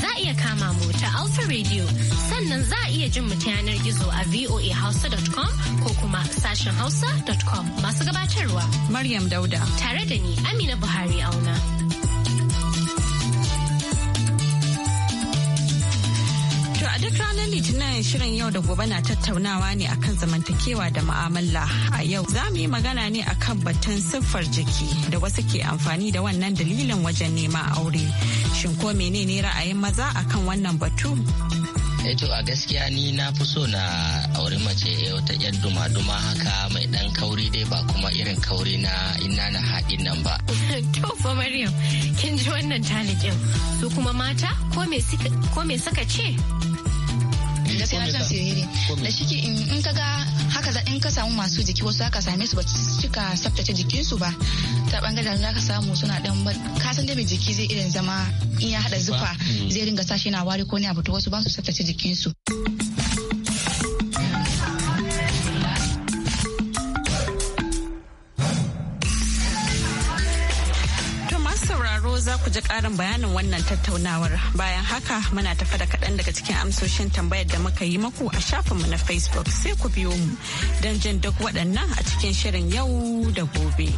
za a iya kama mu ta Alpha Radio sannan za a iya jin mu ta yanar gizo a voahausa.com ko kuma sashen hausa.com masu gabatarwa. Maryam Dauda. Tare da ni Amina Buhari Auna. Ranar Litinin shirin yau da gobe na tattaunawa ne akan zamantakewa da ma'amala. A yau za mu yi magana ne akan batun siffar jiki da wasu ke amfani da wannan dalilin wajen neman aure. Shin ko menene ra'ayin maza akan wannan batu? eto eh a gaskiya ni na fi so na auri mace eh, wata yan duma-duma haka mai dan kauri dai ba kuma irin kauri na ina na haɗin nan ba. to fa Maryam kin ji wannan talikin su kuma mata ko me suka ce? gaskiya na son siriri da shike in ka ga haka za in ka samu masu jiki wasu aka same su ba su cika tsaftace jikinsu ba ta bangaren da ka samu suna dan ka san mai jiki zai irin zama in ya hada zufa mm. zai ringa sashi na wari ko ne abu to wasu ba su tsaftace jikinsu. za ku ji ƙarin bayanin wannan tattaunawar bayan haka muna tafa da kaɗan daga cikin amsoshin tambayar da muka yi maku a shafinmu na facebook sai ku biyo mu don jin duk waɗannan a cikin shirin yau da gobe.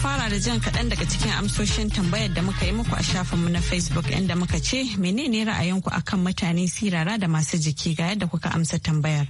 fara da jan kaɗan daga cikin amsoshin tambayar da muka yi muku a shafinmu na Facebook inda muka ce menene ra'ayinku akan mutane sirara da masu jiki ga yadda kuka amsa tambayar.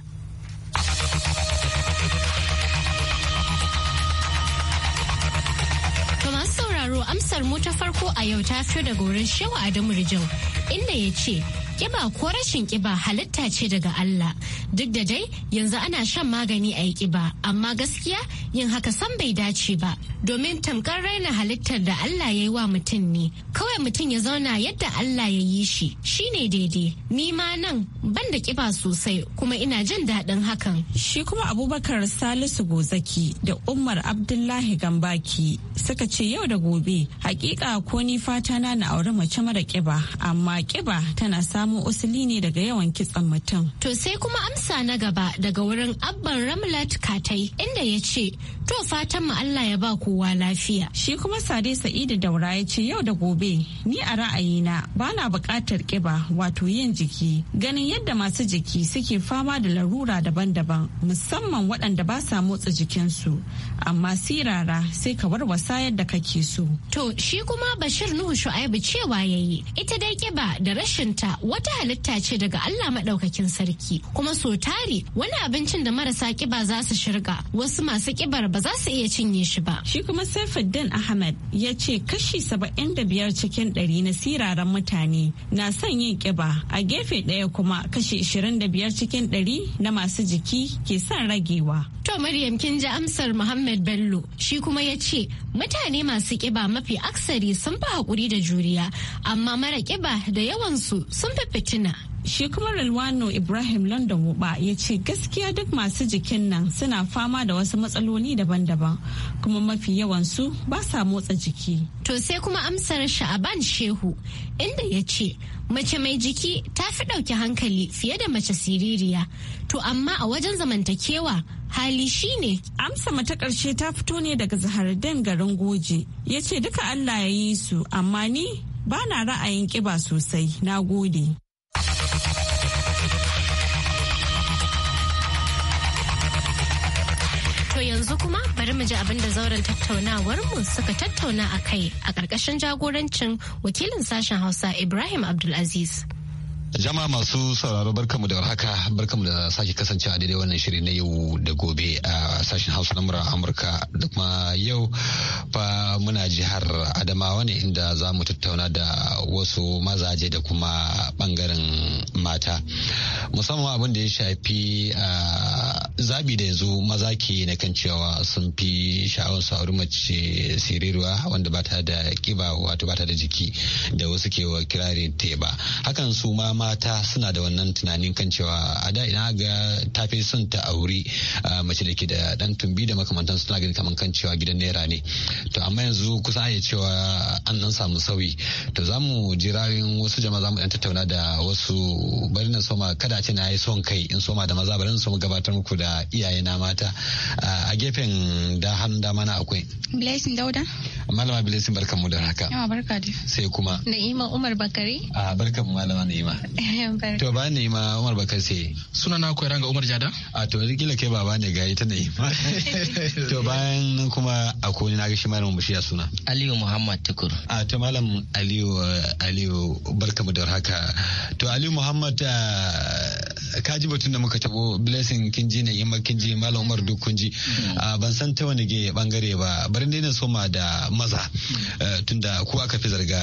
sauraro amsar mu ta farko a yau ta fito da gorin shewa Adamu Rijau inda ya ce Kiba ko rashin kiba halitta ce daga Allah. Duk da dai yanzu ana shan magani a yi kiba, amma gaskiya yin haka san bai dace ba. Domin tamkar raina halittar da Allah ya yi wa mutum ne. Kawai mutum ya zauna yadda Allah ya yi shi, shi ne daidai. Ni ma nan ban da kiba sosai kuma ina jin daɗin hakan. Shi kuma Abubakar Salisu Gozaki da Umar Abdullahi Gambaki suka ce yau da gobe hakika ko ni fata na na auri mace mara kiba amma kiba tana samun samu usuli ne daga yawan kitsan mutum. To sai kuma amsa na gaba daga wurin abban Ramlat Katai inda ya ce To fatan mu Allah ya ba kowa lafiya. Shi kuma Sade Sa'idu Daura ya ce yau da gobe ni a ra'ayina ba na buƙatar ƙiba wato yin jiki. Ganin yadda masu jiki suke fama da larura daban-daban musamman waɗanda ba sa motsa jikinsu amma sirara sai ka warwasa yadda kake so. To shi kuma Bashir Nuhu Shu'aibu cewa yayi ita dai ƙiba da rashin ta wata halitta ce daga Allah maɗaukakin sarki kuma so tari wani abincin da marasa ƙiba za su shirga wasu masu ƙibar ba za su iya cinye shi ba. Shi kuma Saifuddin Ahmed ya ce kashi saba'in da biyar cikin ɗari na siraran mutane na son yin ƙiba a gefe ɗaya kuma kashi ishirin da biyar cikin ɗari na masu jiki ke son ragewa. To Maryam kin ji amsar Muhammad Bello shi kuma ya ce mutane masu ƙiba mafi aksari sun fi haƙuri da juriya amma mara ƙiba da yawansu sun fi fitina. Shi kuma Rilwano Ibrahim London Wuba ya ce gaskiya duk masu jikin nan suna fama da wasu matsaloli daban-daban kuma mafi yawansu ba sa motsa jiki. To sai kuma amsar Sha'aban Shehu inda ya ce mace mai jiki ta fi ɗauki hankali fiye da mace siririya. To amma a wajen zamantakewa hali shi ne Amsa mata ƙarshe ta fito ne daga Zahardin garin Goje. Ya ce duka Allah ya yi su amma ni ba na ra'ayin ƙiba sosai. Na gode. To yanzu kuma bari mu ji abin da zauren tattaunawar mu suka tattauna a kai a ƙarƙashin jagorancin wakilin sashen Hausa Ibrahim Abdulaziz. Jama masu sauraro barkamu da warhaka barkamu da sake kasance a daidai wannan shiri na yau da gobe a sashen Hausa na murar Amurka da kuma yau fa muna jihar Adamawa ne inda za mu tattauna da wasu mazaje da kuma bangaren mata. Musamman abin da ya shafi zabi da yanzu maza ke na kan cewa sun fi sha'awar auri mace siriruwa wanda ba ta da kiba wato ba ta da jiki da wasu ke kirare kirari teba. Hakan su ma mata suna da wannan tunanin kan cewa a da ina ga ta fi son ta auri mace da ke da dan tumbi da makamantan suna ganin kamar kan cewa gidan naira ne to amma yanzu kusan ya cewa an nan samu sauyi to za mu jira wasu jama'a za mu dan tattauna da wasu bari na soma kada ce na yi son kai in soma da maza bari na soma gabatar muku da iyaye na mata a gefen da hannun dama na akwai blessing dauda malama blessing barkan mu da haka yawa barka sai kuma na'ima umar bakare a barkan malama na'ima Eh, to ba ne ma Umar Bakar sai. Suna na koyar ga Umar Jada? A to rigila kai baba ne ga ita ne. To bayan kuma a ko na gashi malamin mu ya suna. Aliyu Muhammad Tukur. A to malam Aliyu Aliyu barka mu da haka. To Aliyu Muhammad ah, ka ji batun da muka tabo blessing kin ji ne imma kin ji malam Umar duk kun ji. Mm. Ah, ban san ta wani ge bangare ba bari dai na soma da maza mm. eh, tunda ko aka fi zarga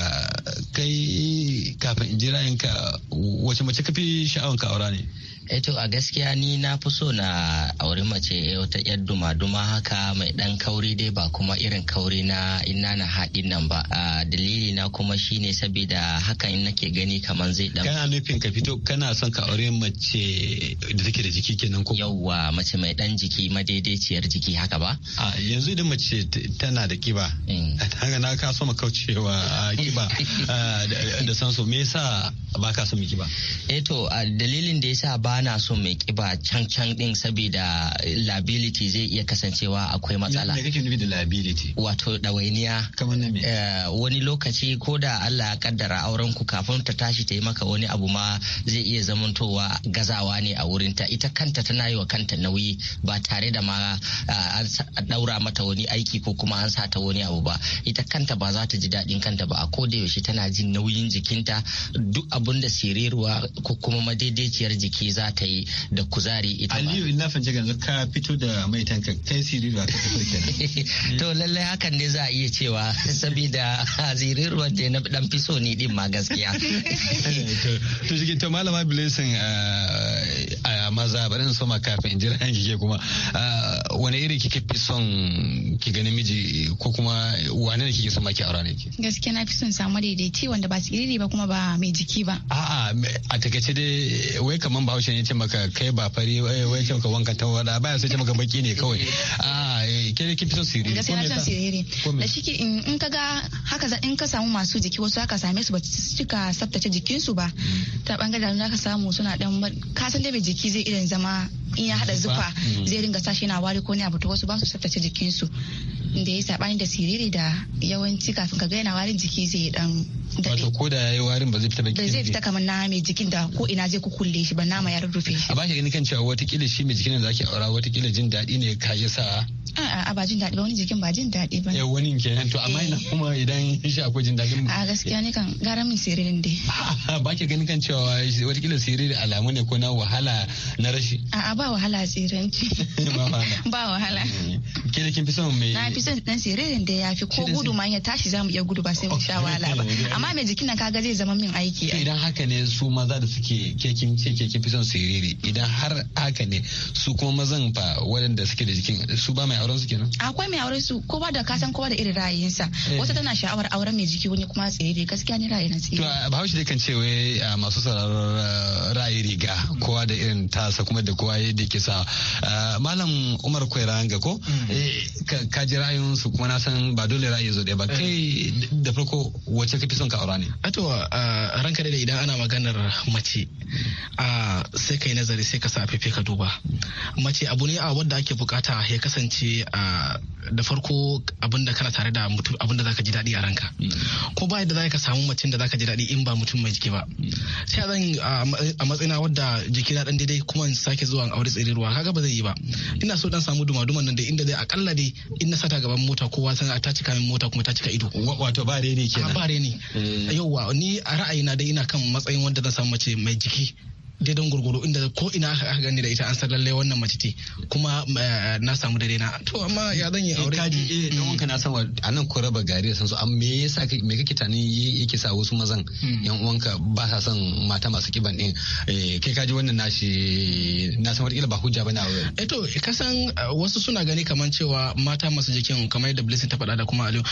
kai kafin in ji ra'ayinka wace mace kafi sha'awar ka aura ne eh to a gaskiya ni na fi so na auri mace eh, wata yar duma-duma haka mai dan kauri dai ba kuma irin kauri na ina na haɗin nan ba dalili na kuma shine saboda hakan nake gani kamar zai dan kana nufin ka fito kana son ka aure mace da take da jiki kenan ko yawwa mace mai dan jiki madaidaiciyar jiki haka ba a yanzu idan mace tana da kiba mm. haka na ka so ma kaucewa kiba da sanso me yasa ba ka so Eto ba. Eto eh dalilin da yasa ba na so mai kiba can can din saboda liability zai iya kasancewa akwai matsala me kake nufi da liability wato dawainiya kamar na me eh, wani lokaci ko da Allah ya kaddara auren ku kafin ta tashi ta yi maka wani abu ma zai iya zamantowa gazawa ne a wurin ta ita kanta tana yi wa kanta nauyi ba tare da ma an daura mata wani aiki ko kuma an sa ta wani abu ba ita kanta ba za ta ji daɗin kanta ba a koda yaushe tana jin nauyin jikinta duk abunda da tururuwa ko kuma madaidaiciyar jiki za ta yi da kuzari ita ba. Aliyu ina fahimci yanzu ka fito da mai tanka kai siriruwa ka tafi kenan. To lallai hakan ne za a iya cewa saboda ziriruwa da na dan fi so ni din ma gaskiya. To shi to malama Blessing a maza bari in soma kafin in jira ke kuma wani iri kike fi son ki ga namiji ko kuma wane ne kike son ma ki aura ne ki? Gaskiya na fi son samu daidaiti wanda ba siriri ba kuma ba mai jiki ba. A'a a takaice dai wai kaman bahaushe ne ce maka kai ba fari eh, wai ce maka wanka ta wada baya sai ce maka baki ne kawai a ah, eh, ke kin fi son siriri gaskiya na son siriri da shi in ka ga haka in ka samu masu jiki wasu haka same su ba su cika tsaftace jikinsu ba mm. ta bangaren da ka samu suna dan ka san dai mai jiki zai irin zama in ya hada zufa mm. zai ringa sashi na wari ko ne abu to wasu ba su tsaftace jikinsu da ya sabani da siriri da yawanci kafin ka ga yana warin jiki zai dan wato ko da yayi warin ba zai fita ba zai fita kamar na mai jikin da ko ina zai kukulle shi ba nama ya rurrufe shi a bashi gani ganin kan cewa watakila shi mai jikin da zaki aura watakila jin daɗi ne ka yi sa a'a a ba jin daɗi ba wani jikin ba jin daɗi ba yau wani kenan to amma ina eh. kuma idan shi akwai jin daɗin a gaskiya ne kan gara min siririn dai ba ki ganin kan cewa watakila siriri alamu ne ko na wahala na rashi a'a ba wahala sirranci ba wahala kila eh, kin fi son mai na fi son dan siririn da ya fi ko gudu ma ya tashi zamu iya gudu ba sai mu sha oh, wahala ba amma mai jikin nan kaga zai zama min aiki idan haka ne su maza da suke kekin ce kekin fi son siriri idan har haka ne su kuma mazan fa waɗanda suke da jikin su ba mai auren su kenan akwai mai auren su kowa da kasan kowa da irin ra'ayinsa eh. wata tana sha'awar auren mai jiki wani kuma siriri gaskiya ne ra'ayin siriri to bahaushe dai kan ce wai masu sararar ra'ayi riga mm. kowa da irin tasa kuma da kowa yadda ke sa malam umar kwairanga ko mm. eh, ka ji ra'ayin su kuma na san ba dole ra'ayi zo ɗaya ba eh. kai da farko wace ka fi son ka aura ne a to ranka da idan ana magana maganar mace a sai kai nazari sai ka sa fefe ka duba mace abu ne a wanda ake bukata ya kasance a da farko abinda kana tare da mutum abinda zaka ji daɗi a ranka ko ba yadda zaka samu mace da zaka ji daɗi in ba mutum mai jiki ba sai zan a matsayina wadda jiki na dan daidai kuma in sake zuwa aure tsirirwa kaga ba zai yi ba ina so dan samu duma-duman nan da inda zai akalla dai in na sata gaban mota kowa san ta cika min mota kuma ta cika ido wato ba ne kenan ba reni eh. yauwa ni a ra'ayina dai ina kan matsayi. matsayin wanda zan samu mace mai jiki daidan gurguru inda ko ina aka gani da ita an san lalle wannan mace ce kuma eh, na samu daidai na to amma ya zan yi eh, aure kaji eh dan mm. wanka na a anan ko raba gari da sansu amma me yasa me kake tani yake sa wasu mazan mm. yan uwanka ba sa son mata masu kiban din eh, kai kaji wannan nashi na san wata ba hujja bane a wurin eh to kasan wasu suna gani kaman cewa mata masu jikin kamar yadda Blessing ta faɗa da kuma Aliyu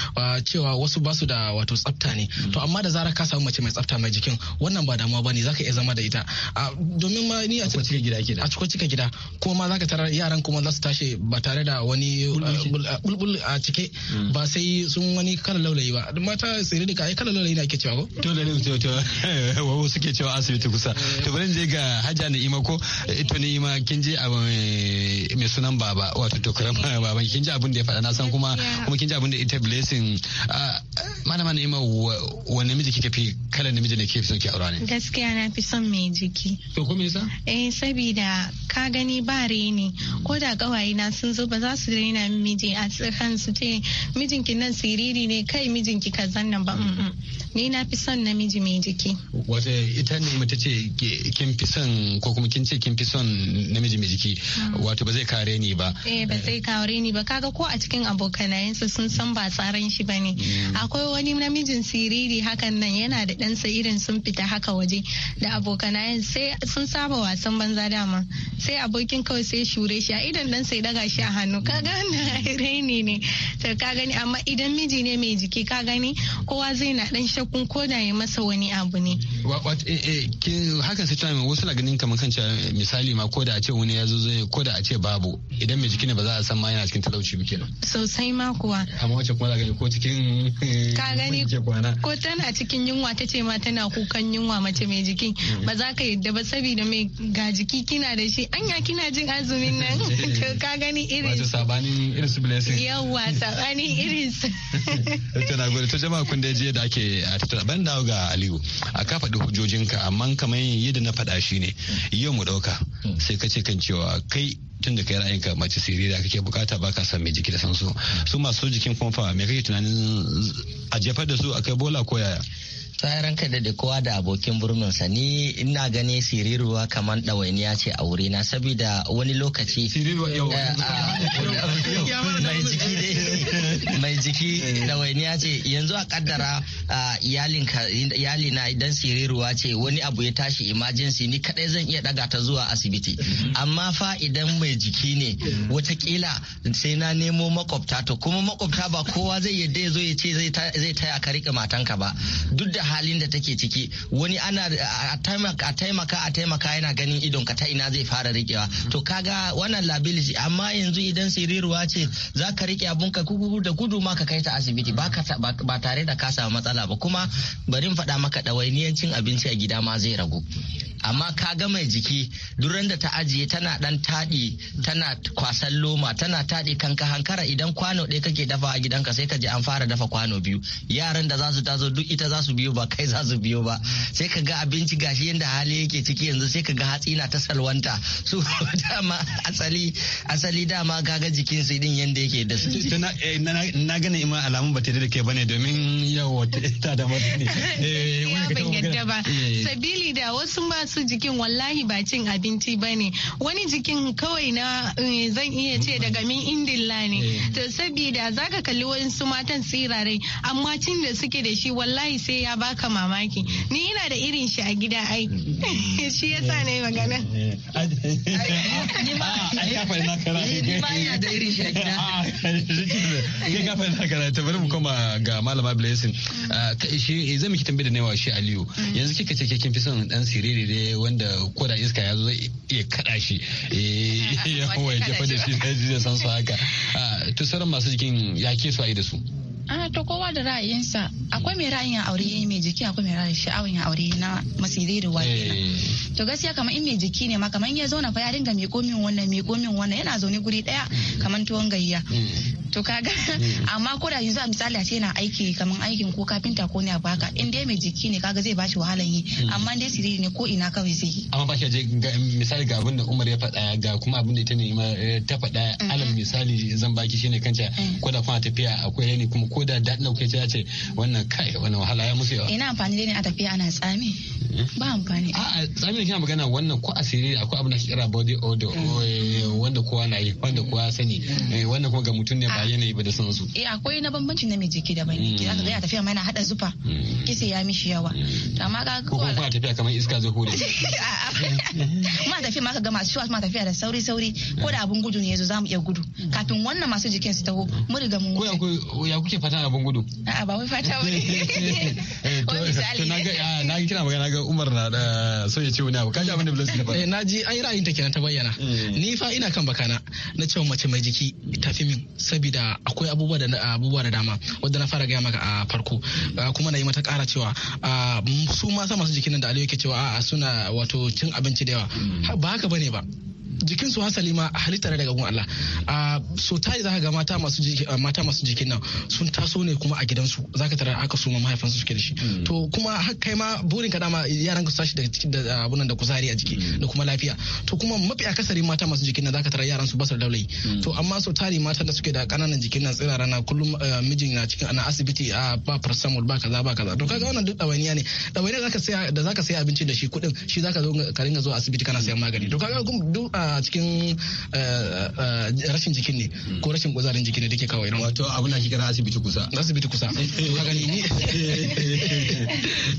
cewa wasu ba su da wato tsafta ne mm. to amma da zarar ka samu mace mai tsafta mai jikin wannan ba damuwa bane zaka iya zama da ita ah, domin ma ni a cikin gida ke da a cika gida ko ma zaka tarar yaran kuma za su tashi ba tare da wani eh, eh, bulbul a cike mm. ba sai sun wani kala laulayi ba mata tsere da kai kala laulayi na ke cewa ko to da ne to to wawo ke cewa asibiti kusa to bari je ga Hajja ima ko eh, ito ima kin je a mai sunan baba wato to karama baban kin je abin da ya faɗa na san kuma kuma kin je abin da ita blessing mana ima wani miji kike fi kala namiji ne kike fi son ki aure ne gaskiya na fi son mai jiki To kuma yasa? Eh sabida ka gani ba reni ko da kawaye na sun zo ba za su rena miji a tsakan su ce mijinki nan siriri ne kai mijinki ka nan ba. Ni na fi son namiji mai jiki. Wata ita ne ta ce kin fi son ko kuma kin ce kin fi son namiji mai jiki mm. wato ba zai kare ni ba. Eh ba zai kare ni ba kaga ko a cikin abokanayensa sun san ba tsaran shi bane. Mm. Akwai wani namijin siriri hakan nan yana da ɗansa irin sun fita haka waje da abokanayen sai sun saba wasan banza dama sai abokin kawai sai shure shi a idan dan sai daga shi a hannu ka gani raini ne to ka gani amma idan miji ne mai jiki ka gani kowa zai na dan shakkun ko da ya masa wani abu ne hakan sai tunanin wasu na ganin kamar kanci eh, misali ma ko da a ce wani ya zo zai ko da a ce babu idan mai jiki ne ba za a san ma yana cikin talauci ba kenan sosai ma kuwa amma wacce kuma za gani ko cikin eh, ka gani ko tana cikin yunwa ta ce ma tana kukan yunwa mace mai jiki ba za ka yadda ba ba saboda mai ga jiki kina da shi anya kina jin azumin nan to ka gani irin wato sabanin irin su blessing yawa sabanin irin su to na gode to jama'a kun da je da ake a tattara ban dawo ga Aliyu a ka faɗi hujojinka amma kamar yadda na fada shi ne yau mu dauka hmm. sai kace kan cewa kai tun da kai ra'ayinka mace sirira kake bukata ba ka san mai jiki da san su hmm. su masu jikin kumfa me kake tunanin a jefar da su akai bola ko yaya tsayaran ka da kowa da abokin burminsa ni ina gani siriruwa kamar ɗawainiya ce a wurina saboda wani lokaci mai jiki eh. ɗawainiya ce yanzu a kaddara ah, iyalina idan siriruwa ce wani abu ya tashi emergency ni kadai zan iya daga ta zuwa asibiti mm-hmm. amma fa idan mai jiki ne mm-hmm. watakila sai na nemo makwabta to kuma makwabta ba kowa zai yadda ya zo ya ce zai taya ka rike matanka ba duk da halin da take ciki wani ana a taimaka a taimaka yana ganin idon ka ta ina zai fara rikewa to kaga wannan liability amma yanzu idan siriruwa ce za ka rike abun ka da gudu ma ka kai ta asibiti ba tare da ka samu matsala ba kuma bari in faɗa maka ɗawainiyancin abinci a gida ma zai ragu amma ka ga mai jiki duran da ta ajiye tana dan taɗi tana kwasan loma tana taɗi kanka hankara idan kwano ɗaya kake dafa a gidanka sai ka je an fara dafa kwano biyu yaran da za su tazo duk ita za su biyo ba kai za su biyo ba sai ka ga abinci gashi yadda hali yake ciki yanzu sai ka ga hatsi na ta salwanta su dama asali asali dama gaga jikin su din yanda yake da su eh, na gane ima alamun ba da ke bane domin yawa ta da ne eh, ban yadda ba eh. sabili da wasu ma wasu jikin wallahi ba cin abinci ba ne wani jikin kawai na eh, zan iya ce daga min indilla ne eh. to saboda zaka kalli wasu matan tsirarai amma cin da suke da shi wallahi sai ya baka mamaki ni ina da irin shi a gida ai hmm. shi yasa ne magana ah, ah, ga malama blessing ah, shi eh, zai miki tambaye da newa shi aliyu hmm. yanzu kika ce kin fi son dan siriri ne wanda ko iska ya zo zai iya kada shi eh, ya hawa ya jefa da shi zai san su haka ah, to sauran masu jikin ya ke su a yi da su a ah, to kowa da ra'ayinsa akwai mai ra'ayin aure mai jiki akwai mai ra'ayin ya aure na masirai da wani eh. to gaskiya kamar in mai jiki ne ma kamar in ya zauna fa ya dinga mai komin wannan mai komin wannan yana zaune guri daya kamar tuwon gayya mm. to kaga mm. amma ko da yanzu a misali a ce yana aiki kamar aikin ko kafinta ko ne a baka in dai mai jiki ne kaga zai bashi wahalan yi mm. amma dai siriri ne ko ina kawai zai yi amma ba shi misali ga abin da Umar ya faɗa ga kuma abin da ita ne eh, ta faɗa alal misali zan baki shine kanta mm. ko da kuma tafiya akwai yani kuma ko da daɗin da ce ce wannan kai wannan wahala ya musu yawa ina amfani da ne a tafiya ana tsami ba amfani a tsami da kina magana wannan ko a asiri akwai abin da ake kira body odor eh, wanda kowa na yi wanda kowa sani eh, wannan kuma ga mutum ne ba yanayi ba da son su eh akwai na bambanci namiji mai jiki da mai jiki zaka ga ya tafiya mai na hada zufa mm. kise ya mishi yawa mm. to amma ga ko kuma tafiya kamar iska zai hore ma tafiya ma ka ga masu shiwa ma tafiya da sauri sauri ko da abun gudu ne yazo zamu iya gudu kafin wannan masu jikin su taho mun riga mun ko ya kuke fata abun gudu a'a ba wai fata ba eh, to na ga ah, na ga kina magana ga Umar na eh, so ya ce wani abu kaji abin da Blessing ta faɗa eh, na ji ai ra'ayin ta kenan ta bayyana mm. ni fa ina kan bakana na ce mace mai jiki tafi min saboda da akwai abubuwa da abubuwa da dama wanda na fara gaya maka a farko ah, kuma na yi mata kara cewa ah, su ma sa masu jikin da Aliyu yake cewa a suna wato cin abinci da yawa hmm. ba haka bane ba Jikin su hasali ma halittar daga gun Allah a so za ka ga mata masu mata masu jikin nan sun taso ne kuma a gidansu ka tara aka suma mahaifansu suke da shi hmm. to kuma kai ma burin ka dama yaran ka sashi da abunan da kuzari a jiki hmm. da kuma lafiya to kuma mafi akasarin mata masu jikin nan ka tara yaran su basar daulayi hmm. to amma so tari mata da suke da kananan jikin nan tsirara na kullum mijin na cikin ana asibiti a ba paracetamol ba kaza ba kaza to kaga wannan duk dawaniya ne dawaniya ka saya da ka saya abinci da shi kudin shi ka zo ka ringa zuwa asibiti kana sayan magani to kaga duk kana cikin eh, eh, rashin jikin ne ko rashin kuzarin jikin ne da ke kawai. irin wato abin da kira asibiti kusa asibiti kusa to gani ni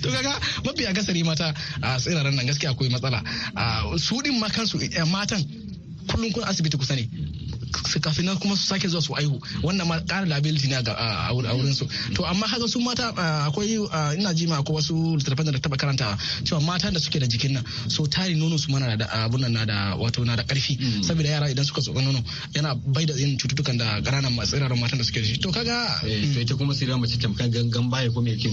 to kaga mafi akasari mata a tsiraran nan gaskiya akwai matsala su din ma kansu eh, matan kullum kun asibiti kusa ne kafin nan kuma su sake zuwa su aihu wannan ma kara liability ne a wurin su to amma haka su mata akwai ina ji ma akwai wasu littattafan da ta taba karanta cewa mata da suke da jikin nan so tari nono su mana da abun nan na da wato na da karfi mm. saboda yara idan suka tsoka nono yana bai da yin cututtukan da ƙananan tsiraran matan da suke da shi to kaga eh, to ita kuma sai da mace tamkar gangan baya ko me yake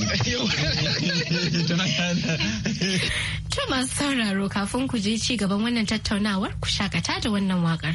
to masu sauraro kafin ku je ci gaban wannan tattaunawar ku shakata da wannan wakar.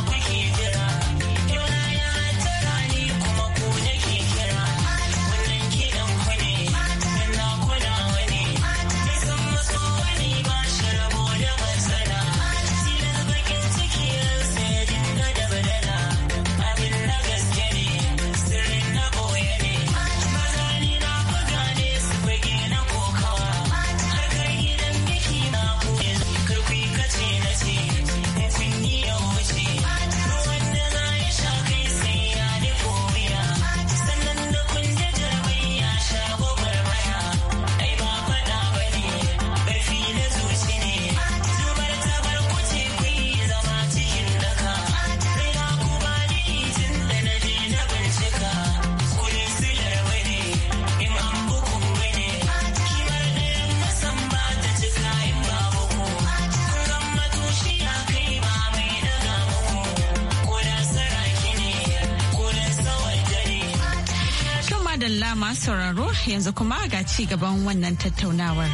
yanzu kuma ga ci gaban wannan tattaunawar.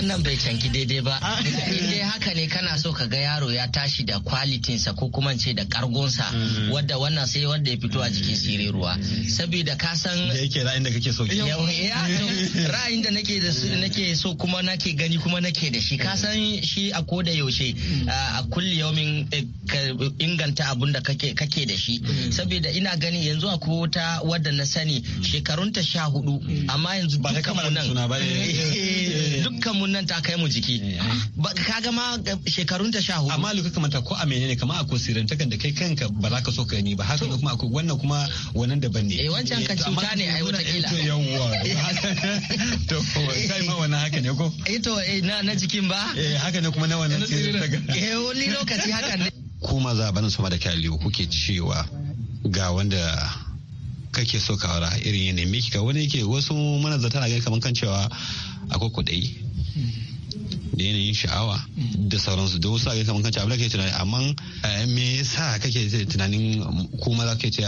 wannan bai canki daidai ba in dai haka ne kana so ka ga yaro ya tashi da kwalitinsa ko kuma ce da kargonsa mm. wadda wannan sai wanda ya fito a jikin sire ruwa saboda ka san da yake ra'ayin da kake so ra'ayin da nake da nake so kuma nake gani kuma nake da shi ka san shi a koda yaushe a kulli yaumin eh, inganta abun da kake kake da shi mm. saboda ina gani yanzu a wata wadda na sani shekarunta sha hudu mm. amma yanzu dukkan nan eh. dukkan mu kunnan ta kai mu jiki eh. ka ga ma shekarun ta sha hudu amma luka kamata ko a menene kamar a ko takan da kai kanka ba za ka so ka ni ba haka kuma akwai wannan kuma wannan daban ne eh wancan ka cuta ne ai wata kila yawwa to kai ma wannan haka ne ko eh to eh, na na jikin ba eh haka ne kuma na wannan tsirin takan eh wani lokaci haka ne ku maza bana sama da kaliyo kuke cewa ga wanda kake so ka aura irin yanayin miki ka wani yake wasu manazata na gani kamar kan cewa akwai kuɗi da yanayin sha'awa da sauransu da wasu ake kamar kanci abin da ke tunani amma eh, me yasa kake tunanin ko maza ke ce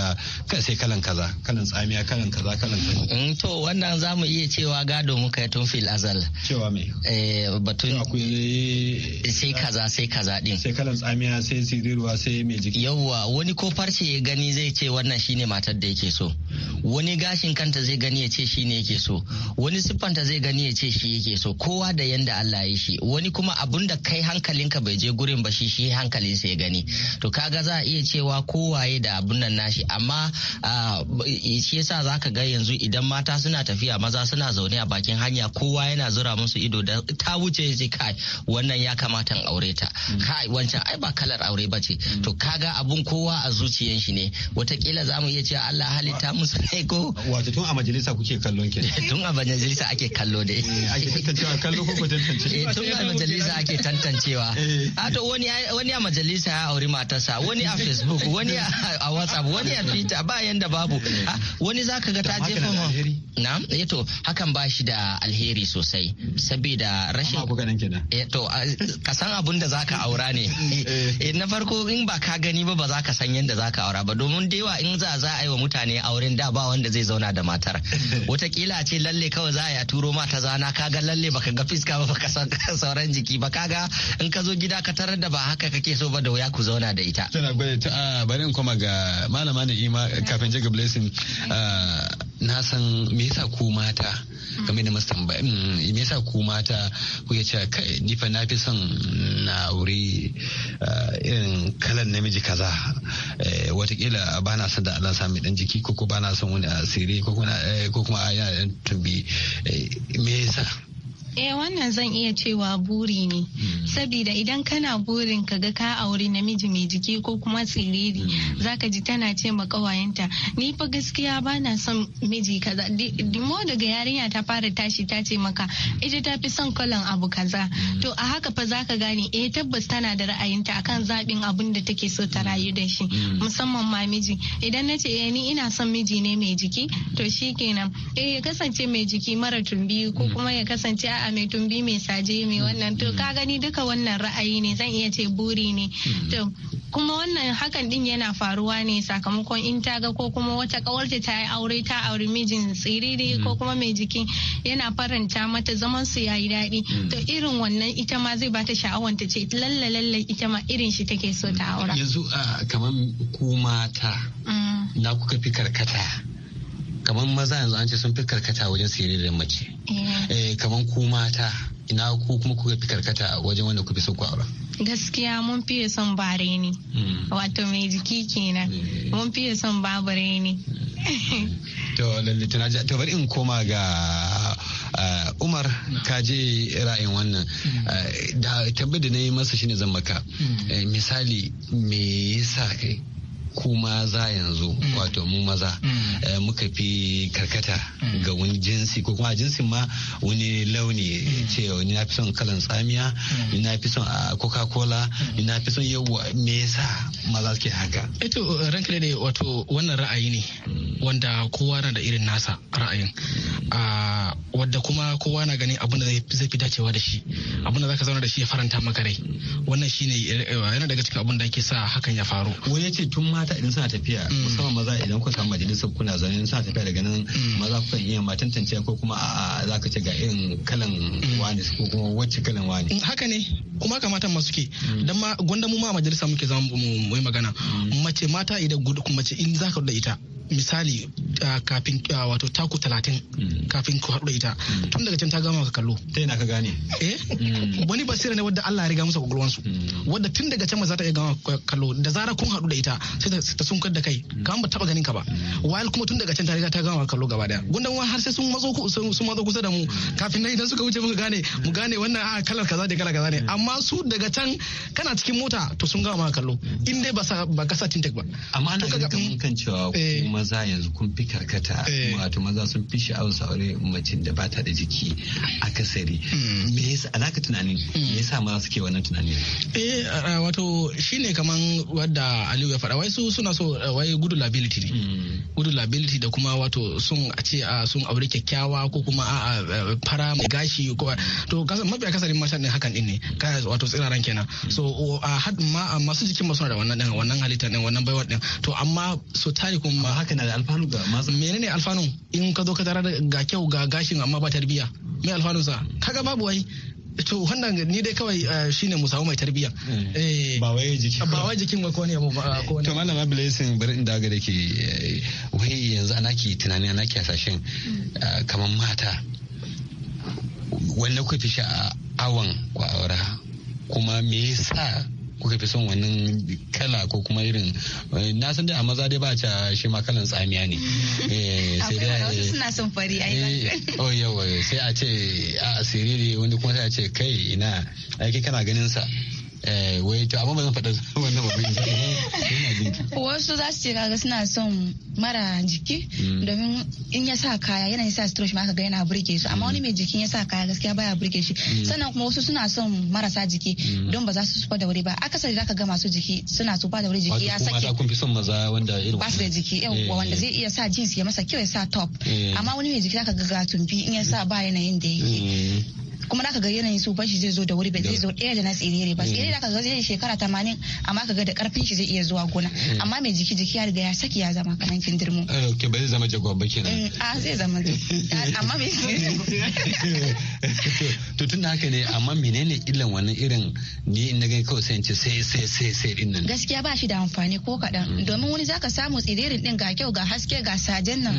sai kalan kaza kalan tsamiya kalan kaza kalan kaza mm, to wannan za mu iya cewa gado muka yi tun fil azal cewa me eh batun eh, sai kaza sai kaza din sai kalan tsamiya sai siriruwa sai mai jiki yawwa wani ko farce ya gani zai ce wannan shine matar da yake so wani gashin kanta zai gani ya ce shine yake so wani siffanta zai gani ya ce shi yake so kowa da yanda Allah Allah ya shi wani kuma abun da kai hankalinka bai je gurin ba shi shi hankalin ya gani to kaga za a iya cewa kowaye da abun nan nashi amma shi yasa zaka ga yanzu idan mata suna tafiya maza suna zaune a bakin hanya kowa yana zura musu ido da ta wuce ce kai wannan ya kamata aure ta hmm. kai wancan ai ba kalar aure ba ce hmm. to kaga abun kowa a zuciyan shi ne watakila za mu iya cewa Allah halitta musu ne ko wato tun a majalisa kuke kallon kenan tun a majalisa ake kallo dai eh, ake tantancewa kallo ko tantancewa Eh, tun a majalisa ake tantancewa eh. a ah, to wani a majalisa ya auri matarsa wani a facebook wani a whatsapp wani a twitter ba yanda babu eh. ah, wani zaka ga ta jefa na eh to hakan ba shi da alheri sosai saboda rashin ku ganin to ka san abin da zaka aura ne na farko in ba ka gani ba ba za ka san yanda zaka aura ba domin da yawa in za za a yi wa mutane auren da ba wanda zai zauna da matar watakila a ce lalle kawai za a yi a turo mata zana ka ga lalle baka ga fiska ba baka sauran jiki ba kaga in ka zo gida ka tarar da ba haka kake so ba da wuya ku zauna da ita tana gwada ta bari in koma ga malama na ima kafin jiga blessing na san me yasa ku mata game da masu tambayi mm, me yasa ku mata ya cewa kai ni fa na fi son na aure irin kalan namiji kaza watakila ba na son da Allah sami dan jiki ko ko ba na son wani asiri ko kuma eh, yana dan tumbi me yasa Eh wannan zan iya cewa buri ne. Hmm. Sabida idan kana burin ka ga ka auri namiji mai jiki ko kuma tsiriri hmm. zaka ji tana ce ma kawayenta ni fa gaskiya ba na son miji kaza. Dimo daga yarinya ta fara tashi ta ce maka ita ta fi son kalan abu kaza. Hmm. To a haka fa zaka gane eh tabbas tana da ra'ayinta akan zaɓin abin da take so ta rayu da shi musamman ma miji. Idan na ce eh ni ina son miji ne mai jiki to shikenan eh ya kasance mai jiki mara tumbi ko kuma ya kasance a mai tumbi mai saje mai mm-hmm. wannan to ka gani duka wannan ra'ayi ne zan iya ce buri ne mm-hmm. to kuma wannan hakan din yana faruwa ne sakamakon in ta ga ko kuma wata kawarta ta yi aure ta auri mijin tsiriri ko mm-hmm. kuma mai jiki yana faranta mata zaman su yayi daɗi to irin wannan ita ma zai bata sha'awar ta ce lalla lalla ita ma irin shi take so ta aura yanzu kamar ku mata mm. na kuka fi karkata kamar maza yanzu an ce sun fi karkata wajen siririn mace eh. eh, kamar ku mata ina ku kuma ku fi karkata wajen wanda ku fi so ku aura gaskiya mun fiye son ba reni hmm. wato mai jiki kenan eh. mun fiye son babu reni hmm. to lalle tana to bari in koma ga Umar ka je ra'ayin wannan hmm. da tabbi da na yi masa shine zan maka misali me yasa kai ku za yanzu mm. wato mu maza mm. eh, muka fi karkata mm. ga wani jinsi ko kuma jinsin ma wani launi ce wani na fi son kalan tsamiya ni na fi son ah, coca cola ni na fi son yawa me yasa maza suke haka eto eh ranka ne wato wannan ra'ayi ne wanda kowa na da irin nasa ra'ayin ah, wadda kuma kowa na ganin abin da zai fi dacewa da shi abin da zaka zauna da shi ya faranta maka rai wannan shine eh, yana daga cikin abin da ke sa hakan ya faru wani ce tun ma mata idan suna tafiya mm. musamman maza idan kuka samu majalisa kuna zaune suna tafiya daga nan mm. maza kuka iya ma tantance ko kuma a za ka ce ga irin kalan mm. wani ko kuma wacce kalan wani. Haka ne kuma haka matan masu ke dan ma gwanda mu ma majalisa muke zama mu yi magana mace mata idan mace in za ka da ita misali kafin wato taku talatin mm. kafin ku haɗu ita mm. tun daga can ta gama ka kallo ta yana ka gane eh mm. wani basira ne wadda Allah ya riga musa su wadda tun daga can ba za ta iya gama kallo da zarar kun haɗu da ita sai ta sunkar da kai kan ba taɓa ganin ka ba wayal kuma tun daga can ta riga ta gama kallo gaba daya gundan har sai sun mazo sun mazo kusa da mu kafin nan idan suka wuce muka gane mu gane wannan a kalar kaza da kalar kaza ne amma su daga can kana cikin mota to sun gama kallo in dai ba ka sa tintek ba amma ana ganin kan cewa eh. kuma maza yanzu kun fi karkata eh. wato maza sun fi sha'awar saurin macin da ba ta da jiki akasari hmm. me yasa alaka tunanin hmm. me yasa maza suke wannan tunanin eh wato shine kaman wadda Aliyu ya faɗa wai su suna so wai good liability ne hmm. good liability da kuma wato sun a ce sun aure kyakkyawa ko kuma a fara mai gashi ko to mafi akasarin mata ne hakan din ne wato tsiraran kenan so a masu jikin masu da wannan Wannan halittar ne wannan baiwar din to amma so tari kuma haka na da alfanu ga masu menene alfanu in ka zo ka tarar ga kyau ga gashin amma ba tarbiya me alfanu sa kaga babu wai to wannan ni dai kawai eh, shine mu samu mai tarbiya mm. eh, ba wai jiki ba wai jikin wai ko ne ba ko ne to mallama blessing bari in daga dake wai yanzu ana ki tunani ana ki hasashen mm. eh, kamar mata wanda kuka fi sha'awan ku aura kuma me yasa kuka fi son wannan kala ko kuma irin eh, na san dai a maza dai ba a shi ma kalan tsamiya ne eh, sai dai wasu suna son fari ai eh, oh yawa sai a ce a asiri wani kuma sai a ce kai ina aiki kana ganin sa Eh, wai to amma ba zan faɗa wannan babban yanzu wasu za su ce kaga suna son mara jiki hmm. domin in ya sa kaya yana sa stroke ma ga yana burge su amma wani hmm. mai jikin ya sa kaya gaskiya baya burge shi hmm. sannan kuma wasu suna son marasa jiki don ba za su sufa da wuri ba akasari zaka ga masu jiki suna sufa da wuri jiki ya sake kun fi son maza wanda irin ba su da jiki yawa eh, wanda eh. zai iya sa jeans ya masa kyau ya sa top amma wani mai jiki zaka ga ga tumbi in ya sa ba yanayin da yake kuma zaka ga yanayin tsufan shi zai zo da wuri ba zai zo ɗaya da na tsirere ba mm. tsirere zaka ga zai shekara tamanin amma ka ga da karfin shi zai iya zuwa gona mm. amma mai jiki jiki ya riga ya saki ya zama kaman kindirmo ah, ke ba zai zama jagwab ba kenan mm, a ah, zai zama amma jiki. to tun haka ne amma menene illan wannan irin ni in na gani kawai sai in ce sai sai sai sai din nan gaskiya ba shi da amfani ko kaɗan domin wani zaka samu tsirerin din ga kyau ga haske ga sajen nan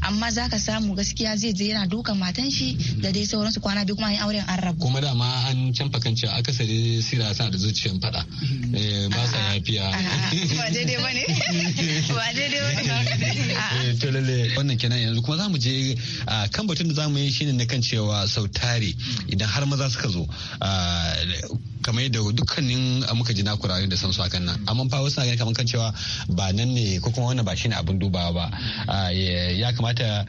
amma zaka samu gaskiya zai je yana dukan matan shi da dai sauransu kwana biyu kuma bayan auren an rabu kuma dama an can fakance akasari sira sa da zuciyan fada mm-hmm. eh, ba sa yafiya ba daidai ba daidai bane eh, to lalle wannan kenan yanzu kuma mu je kan batun da zamu yi shine na kan cewa sau tare mm. idan har maza suka zo kamar yadda dukkanin muka ji nakura da san su hakan nan amma fa wasu na ganin kamar kan cewa ba nan ne ko kuma wannan ba shine abin dubawa ba ya kamata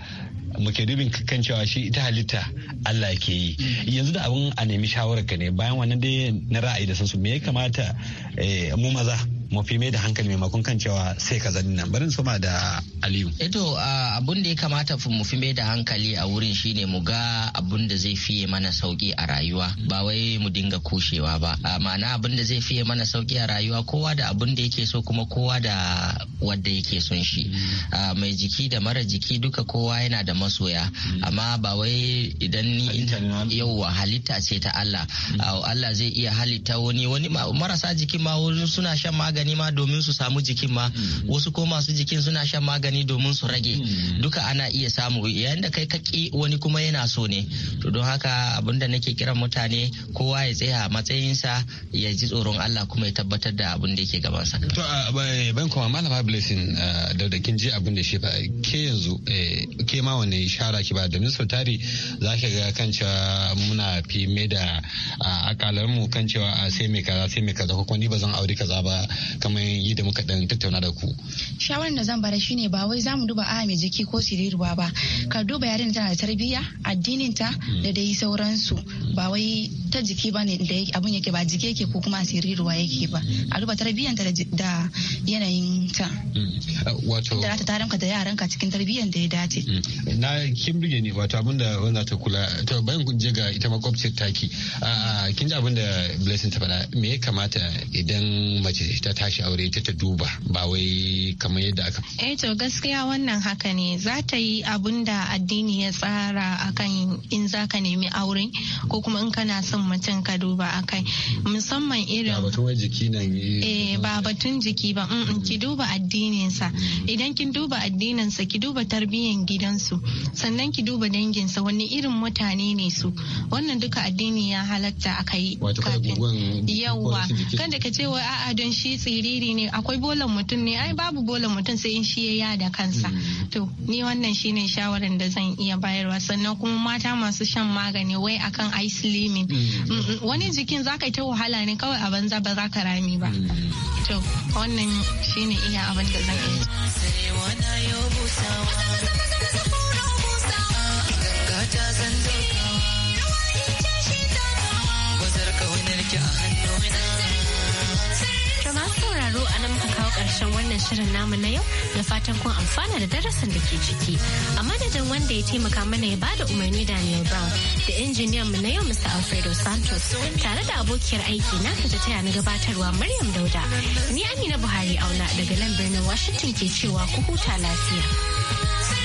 muke dubin kan cewa shi ita halitta Allah ke yi yanzu da abin a nemi shawararka ne bayan wannan dai na ra'ayi da sansu me ya kamata eh, mu maza mafi mai da hankali maimakon kan cewa sai ka zanni nan barin soma da aliyu eto eh abun da ya kamata mu fi mai da hankali a wurin shine mu ga abun da zai fiye mana sauki a rayuwa ba wai mu dinga kushewa ba ma'ana abun da zai fiye mana sauki a rayuwa kowa da abun da yake so kuma kowa da wanda yake son shi mai jiki da mara jiki duka kowa yana da masoya amma ba wai idan ni yauwa halitta ce ta Allah mm. Allah zai iya halitta wani wani marasa jiki ma wurin suna shan magani magani ma domin su samu jikin ma mm. wasu ko masu jikin suna shan magani domin su rage mm. duka ana iya samu yayin da kai kaki wani kuma yana so ne to don haka abinda nake kiran mutane kowa ya tsaya a matsayinsa ya ji tsoron Allah kuma ya tabbatar da abin da yake sa to ban kuma malama blessing da kin ji abin shi ba ke yanzu eh, ke ma wani shara ki ba domin sau tari za ki ga kan cewa muna fi mai da akalarmu kan cewa sai mai kaza sai mai kaza ko ni ba zan aure kaza ba kamar da muka dan tattauna da ku shawarar da zan bada shine ba wai zamu duba a mai jiki ko sirirwa ba ka duba yarin tana da tarbiyya addinin ta da dai sauransu ba wai ta jiki ba ne da abun yake ba jiki yake ko kuma sirirwa yake ba a duba tarbiyyanta da yanayin ta mm. wato da ta ka da yaranka cikin tarbiyyan da ya dace mm. na kin bige ne wato abun da wanda ta kula to bayan kun je ga ita makwabciyar taki kin ji abun da blessing ta faɗa me ya kamata idan mace ta tashi aure ta ta duba ba wai kamar yadda aka eh to gaskiya wannan haka ne za ta yi abun da addini ya tsara akan in za ka nemi aure ko kuma in kana son mutum ka duba akai musamman irin ba batun jiki nan eh. eh ba batun jiki ba mm, mm, ki duba addininsa mm. idan kin duba sa ki duba tarbiyyar gidansu sannan ki duba danginsa wani irin mutane ne su wannan duka addini ya halatta aka yi kafin yawa kada ka ce wai a'a don shi Siriri ne akwai bolan mutum ne ai babu bolan mutum sai in shi ya da kansa mm. to ni wannan shine shawaran da zan iya bayarwa sannan kuma mata masu shan magani wai akan ice slimming mm. Mm, wani jikin zaka ta wahala ne kawai a banza ba za ka rami ba to wannan shine iya abin da zan iya a hannuna nan muka kawo ƙarshen wannan shirin namu na yau da fatan kun amfana da darasin da ke ciki. A madadin wanda ya taimaka mana ya bada umarni Daniel Brown da injiniyan mu na yau Mr. Alfredo Santos tare da abokiyar aiki na da taya na gabatarwa Maryam Dauda. Ni Amina Buhari auna daga nan birnin Washington ke cewa ku huta lafiya.